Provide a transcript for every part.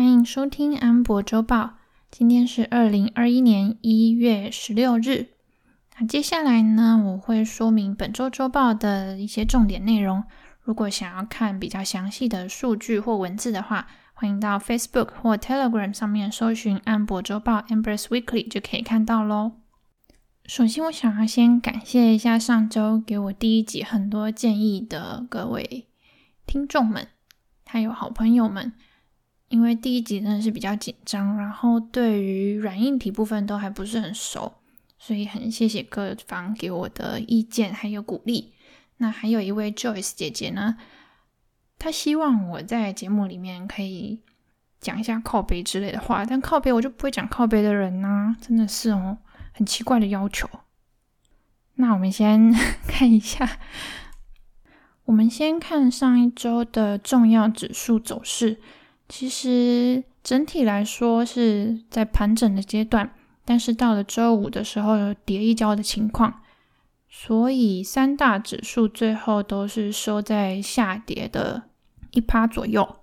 歡迎收聽安博週報，今天是二零二一年一月十六日。那接下來呢，我會說明本周週報的一些重點內容。如果想要看比較詳細的數據或文字的話，歡迎到 Facebook 或 Telegram 上面搜尋安博週報 e m b e r s Weekly） 就可以看到嘍。首先，我想要先感謝一下上周給我第一集很多建議的各位聽眾們，還有好朋友們。因為第一集真的是比較緊張，然後對於軟硬體部分都還不是很熟，所以很謝謝各方給我的意見還有鼓勵。那還有一位 Joyce 姐姐呢，她希望我在節目裡面可以講一下靠北之類的話，但靠北我就不會講靠北的人吶、啊，真的是哦，很奇怪的要求。那我們先看一下，我們先看上一週的重要指數走勢。其實整體來說是在盤整的階段，但是到了週五的時候有跌一跤的情況，所以三大指數最後都是收在下跌的一趴左右。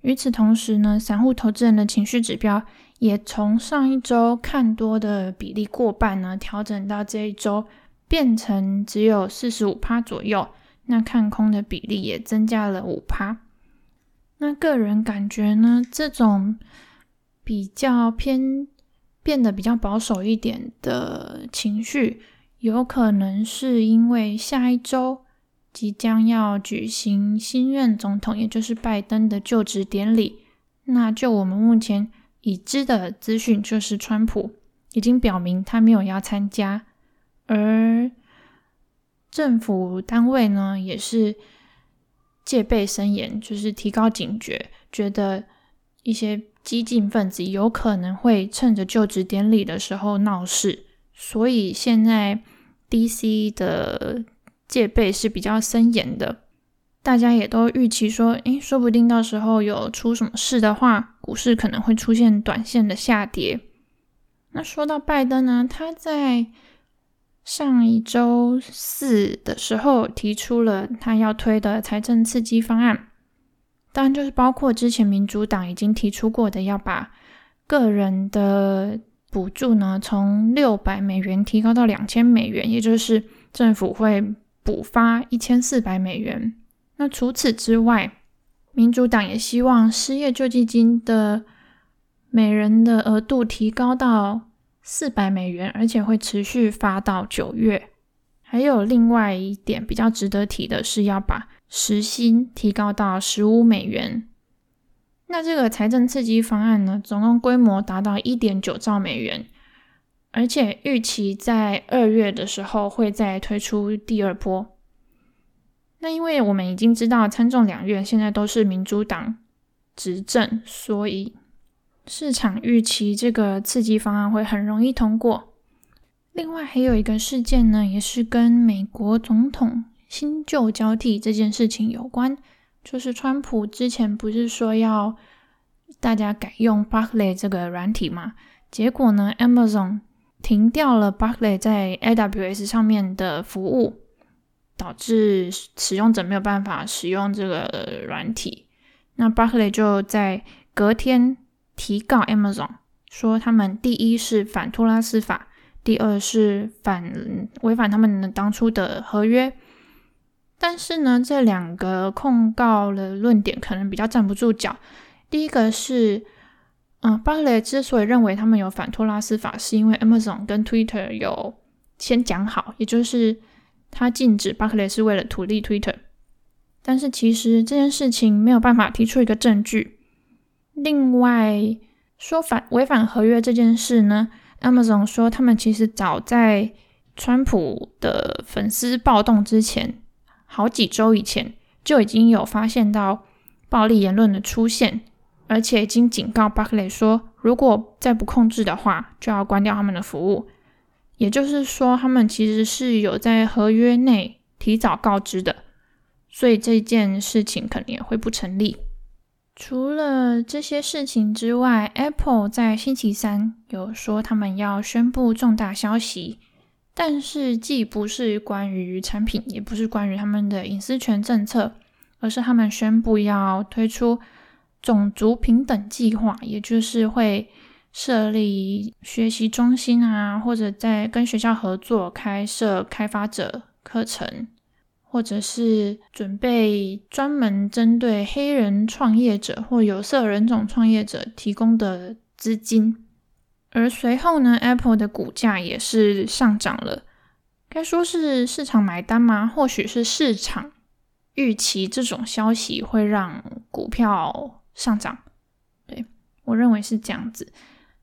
與此同時呢，散戶投資人的情緒指標也從上一週看多的比例過半呢，調整到這一週變成只有四十五趴左右，那看空的比例也增加了五趴。那個人感覺呢，這種比較偏變得比較保守一點的情緒，有可能是因為下一周即將要舉行新任總統，也就是拜登的就職典禮。那就我們目前已知的資訊，就是川普已經表明他沒有要參加，而政府單位呢，也是。戒備森嚴，就是提高警覺，覺得一些激進分子有可能會趁着就職典禮的時候鬧事，所以現在 DC 的戒備是比較森嚴的。大家也都預期說，誒，說不定到時候有出什麼事的話，股市可能會出現短線的下跌。那說到拜登呢，他在。上一週四的時候提出了他要推的財政刺激方案，當然就是包括之前民主黨已經提出過的要把個人的補助呢從六百美元提高到兩千美元，也就是政府會補發一千四百美元。那除此之外，民主黨也希望失業救濟金的每人的額度提高到。四百美元，而且會持續發到九月。還有另外一點比較值得提的是，要把時薪提高到十五美元。那這個財政刺激方案呢，總共規模達到一點九兆美元，而且預期在二月的時候會再推出第二波。那因為我們已經知道參眾兩院現在都是民主黨執政，所以。市場預期這個刺激方案會很容易通過。另外還有一個事件呢，也是跟美國總統新舊交替這件事情有關，就是川普之前不是說要大家改用巴克雷這個軟體嗎？結果呢，Amazon 停掉了巴克雷在 AWS 上面的服務，導致使用者沒有辦法使用這個軟體。那巴克雷就在隔天。提告 Amazon 說，他們第一是反托拉斯法，第二是反違反他們當初的合約。但是呢，這兩個控告的論點可能比較站不住腳。第一個是，嗯，巴克雷之所以認為他們有反托拉斯法，是因為 Amazon 跟 Twitter 有先講好，也就是他禁止巴克雷是為了圖利 Twitter。但是其實這件事情沒有辦法提出一個證據。另外，說反違反合約這件事呢，Amazon 說他們其實早在川普的粉絲暴動之前好幾周以前就已經有發現到暴力言論的出現，而且已經警告巴克雷說，如果再不控制的話，就要關掉他們的服務。也就是說，他們其實是有在合約內提早告知的，所以這件事情可能也會不成立。除了這些事情之外，Apple 在星期三有說他們要宣布重大消息，但是既不是關於產品，也不是關於他們的隱私權政策，而是他們宣布要推出種族平等計劃，也就是會設立學習中心啊，或者在跟學校合作開設開發者課程。或者是準備專門針對黑人創業者或有色人種創業者提供的資金，而隨後呢，Apple 的股價也是上漲了。該說是市場買單嗎？或許是市場預期這種消息會讓股票上漲。對，我認為是這樣子。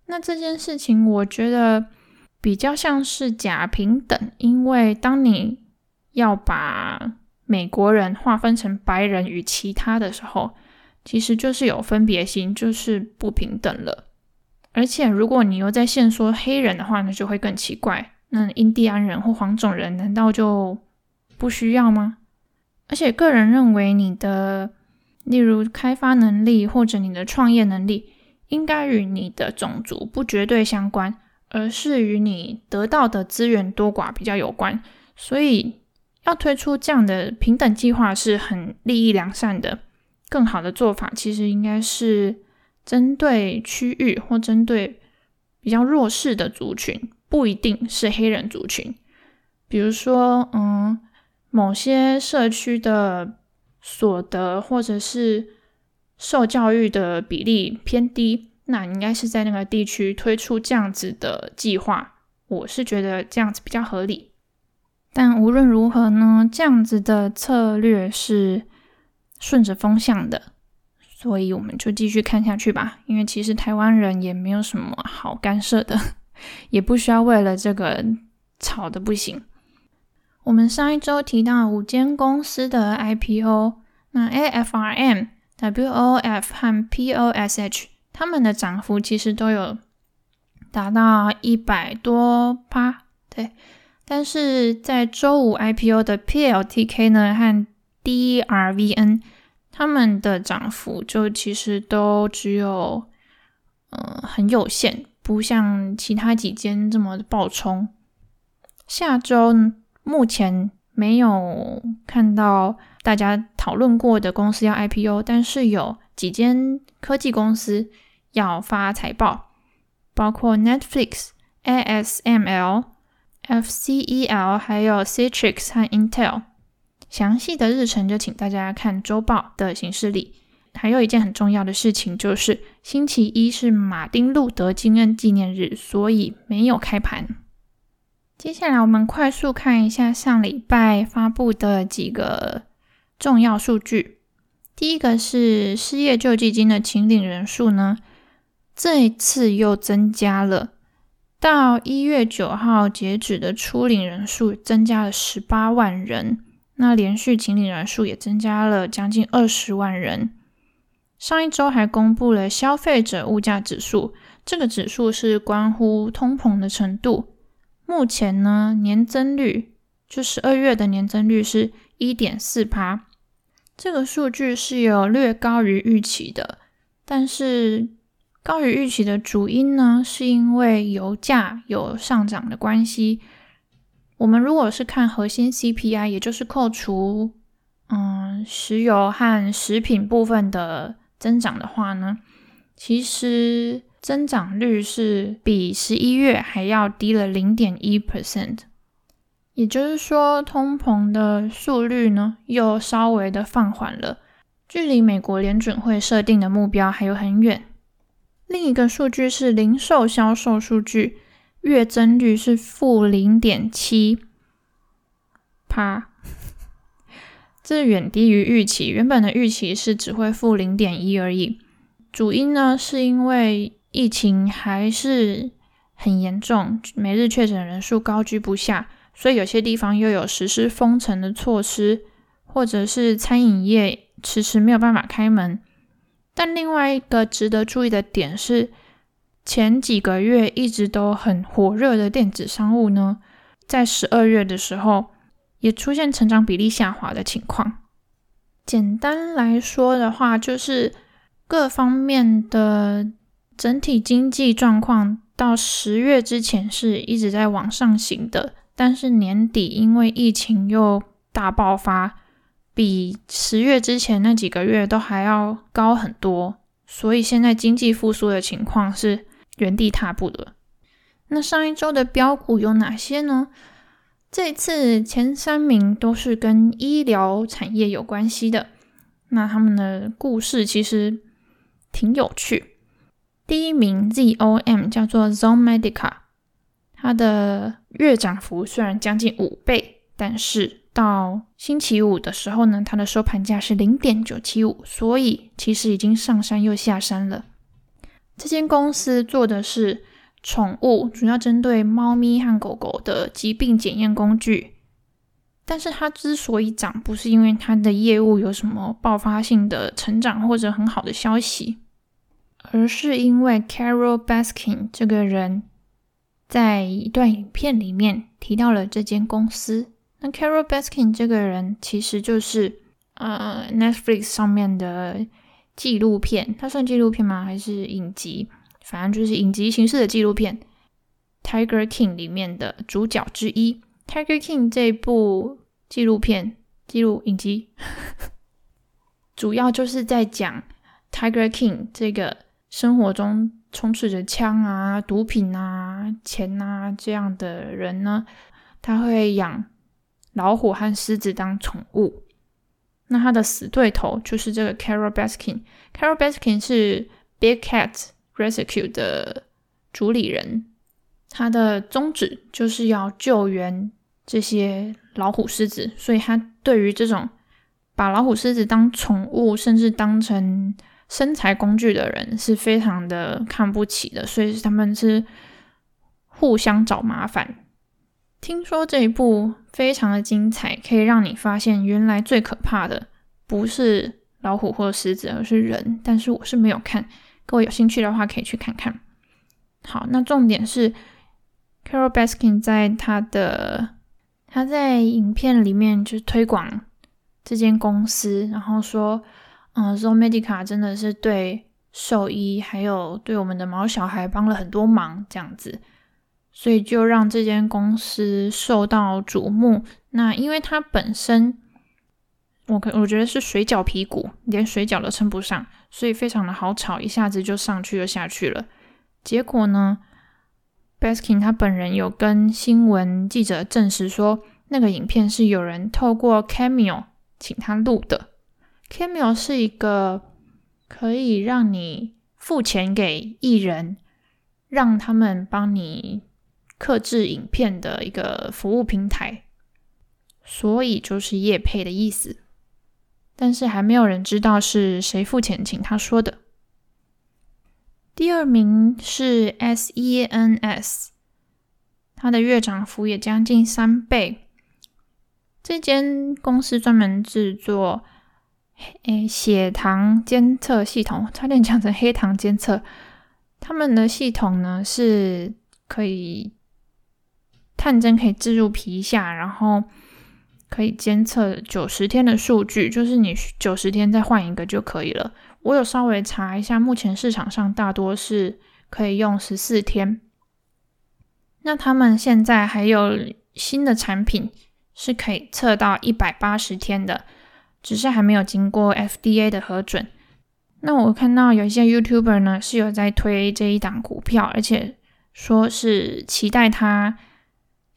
那這件事情我覺得比較像是假平等，因為當你。要把美國人劃分成白人與其他的時候，其實就是有分別心，就是不平等了。而且，如果你又在線說黑人的話，那就會更奇怪。那印第安人或黃種人難道就不需要嗎？而且，個人認為你的，例如開發能力或者你的創業能力，應該與你的種族不絕對相關，而是與你得到的資源多寡比較有關。所以。要推出這樣的平等計劃是很立意良善的，更好的做法其實應該是針對區域或針對比較弱勢的族群，不一定是黑人族群。比如說，嗯，某些社區的所得或者是受教育的比例偏低，那應該是在那個地區推出這樣子的計劃。我是覺得這樣子比較合理。但無論如何呢，這樣子的策略是順着風向的，所以我們就繼續看下去吧。因為其實台灣人也沒有什麼好干涉的，也不需要為了這個吵得不行。我們上一周提到五間公司的 IPO，那 AFRM、WOF 和 POSH，他們的漲幅其實都有達到一百多趴，對。但是在週五 IPO 的 PLTK 呢，和 DRVN 它們的漲幅就其實都只有嗯、呃、很有限，不像其他幾間這麼的爆衝。下週目前沒有看到大家討論過的公司要 IPO，但是有幾間科技公司要發財報，包括 Netflix、ASML。FCEL，還有 Citrix 和 Intel。詳細的日程就請大家看週報的形式裡。還有一件很重要的事情就是，星期一是馬丁路德金恩紀念日，所以沒有開盤。接下來我們快速看一下上禮拜發布的幾個重要數據。第一個是失業救濟金的請領人數呢，這一次又增加了。到一月九號截止的初領人數增加了十八萬人，那連續請領人數也增加了將近二十萬人。上一周還公布了消費者物價指數，這個指數是關乎通膨的程度。目前呢，年增率就十二月的年增率是一點四趴，這個數據是有略高於預期的，但是。高於預期的主因呢，是因為油價有上漲的關係。我們如果是看核心 CPI，也就是扣除，嗯，石油和食品部分的增長的話呢，其實增長率是比十一月還要低了零點一 percent，也就是說，通膨的速率呢又稍微的放緩了，距離美國聯準會設定的目標還有很遠。另一個數據是零售銷售數據，月增率是負零點七趴，這遠低於預期。原本的預期是只會負零點一而已。主因呢，是因為疫情還是很嚴重，每日確診人數高居不下，所以有些地方又有實施封城的措施，或者是餐飲業遲遲遲沒有辦法開門。但另外一個值得注意的點是，前幾個月一直都很火熱的電子商務呢，在十二月的時候也出現成長比例下滑的情況。簡單來說的話，就是各方面的整體經濟狀況到十月之前是一直在往上行的，但是年底因為疫情又大爆發。比十月之前那幾個月都還要高很多，所以現在經濟復甦的情況是原地踏步的。那上一周的飆股有哪些呢？這次前三名都是跟醫療產業有關係的，那他們的故事其實挺有趣。第一名 ZOM 叫做 ZoMedica，它的月漲幅雖然將近五倍，但是。到星期五的時候呢，它的收盤價是零點九七五，所以其實已經上山又下山了。這間公司做的是寵物，主要針對貓咪和狗狗的疾病檢驗工具。但是它之所以漲，不是因為它的業務有什麼爆發性的成長或者很好的消息，而是因為 Carol Baskin 這個人，在一段影片裡面提到了這間公司。那 Carol Baskin 這個人其實就是呃 Netflix 上面的紀錄片，它算紀錄片嗎？還是影集？反正就是影集形式的紀錄片《Tiger King》裡面的主角之一。《Tiger King》這部紀錄片記錄影集，主要就是在講《Tiger King》這個生活中充斥着槍啊、毒品啊、錢啊這樣的人呢，他會養。老虎和獅子當寵物，那他的死對頭就是這個 Carol Baskin。Carol Baskin 是 Big Cat Rescue 的主理人，他的宗旨就是要救援這些老虎、獅子。所以他對於這種把老虎、獅子當寵物，甚至當成生財工具的人，是非常的看不起的。所以他們是互相找麻煩。聽說這一部非常的精彩，可以讓你發現原來最可怕的不是老虎或者獅子，而是人。但是我是沒有看，各位有興趣的話可以去看看。好，那重點是 Carol Baskin 在他的他在影片裡面就推廣這間公司，然後說，嗯、呃，Zomedica 真的是對獸醫還有對我們的毛小孩幫了很多忙，這樣子。所以就讓這間公司受到矚目。那因為他本身，我可我覺得是水餃皮股，連水餃都稱不上，所以非常的好炒，一下子就上去又下去了。結果呢，Baskin 他本人有跟新聞記者證實說，那個影片是有人透過 Cameo 請他錄的。Cameo 是一個可以讓你付錢給藝人，讓他們幫你。客製影片的一個服務平台，所以就是業配的意思。但是還沒有人知道是誰付錢請他說的。第二名是 SENS，它的月漲幅也將近三倍。這間公司專門製作誒、欸、血糖監測系統，差點講成黑糖監測。他們的系統呢是可以。探針可以置入皮下，然後可以監測九十天的數據，就是你九十天再換一個就可以了。我有稍微查一下，目前市場上大多是可以用十四天。那他們現在還有新的產品是可以測到一百八十天的，只是還沒有經過 FDA 的核准。那我看到有一些 YouTuber 呢，是有在推這一檔股票，而且說是期待它。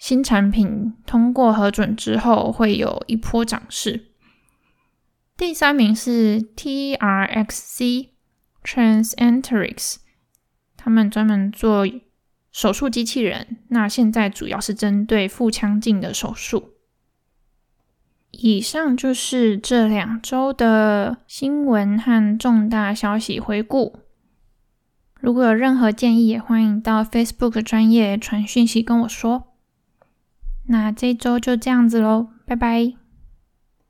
新產品通過核准之後，會有一波漲勢。第三名是 T R X C TransEnterix，他們專門做手術機器人，那現在主要是針對腹腔鏡的手術。以上就是這兩週的新聞和重大消息回顧。如果有任何建議，也歡迎到 Facebook 專頁傳訊息跟我說。那這週就這樣子嘍，拜拜。